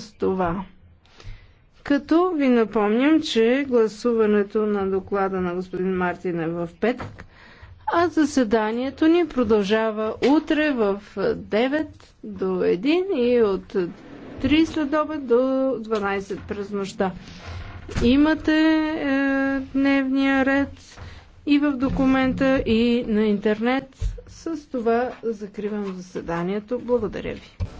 с това. Като ви напомням, че гласуването на доклада на господин Мартин е в петък, а заседанието ни продължава утре в 9 до 1 и от 3 след обед до 12 през нощта. Имате е, дневния ред и в документа, и на интернет. С това закривам заседанието. Благодаря ви.